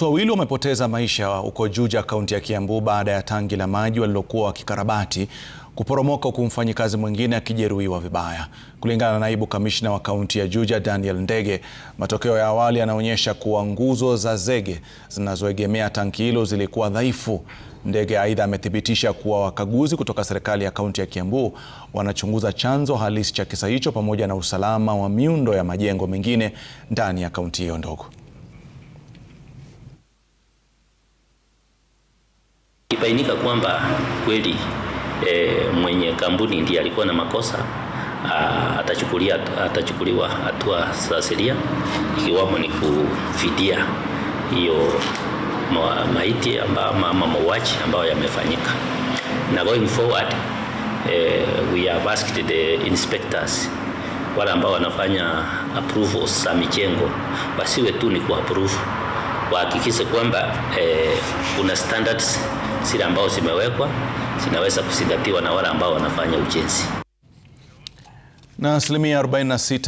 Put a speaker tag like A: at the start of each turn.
A: Watu wawili wamepoteza maisha huko Juja, kaunti ya Kiambu baada ya tangi la maji walilokuwa wakikarabati kuporomoka huku mfanyikazi mwingine akijeruhiwa vibaya. Kulingana na naibu kamishna wa kaunti ya Juja, Daniel Ndege, matokeo ya awali yanaonyesha kuwa nguzo za zege zinazoegemea tanki hilo zilikuwa dhaifu. Ndege aidha amethibitisha kuwa wakaguzi kutoka serikali ya kaunti ya Kiambu wanachunguza chanzo halisi cha kisa hicho pamoja na usalama wa miundo ya majengo mengine ndani ya kaunti hiyo ndogo.
B: ilibainika kwamba kweli e, mwenye kampuni ndiye alikuwa na makosa a, ah, atachukulia, atachukuliwa hatua za sheria ikiwamo ni kufidia hiyo ma, maiti ama mauaji ambayo yamefanyika na going forward eh, we have asked the inspectors wale ambao wanafanya approval za mijengo wasiwe tu ni kuapprove, wahakikishe kwamba eh, kuna standards sila ambao zimewekwa zinaweza kuzingatiwa na wale ambao wanafanya ujenzi na asilimia 46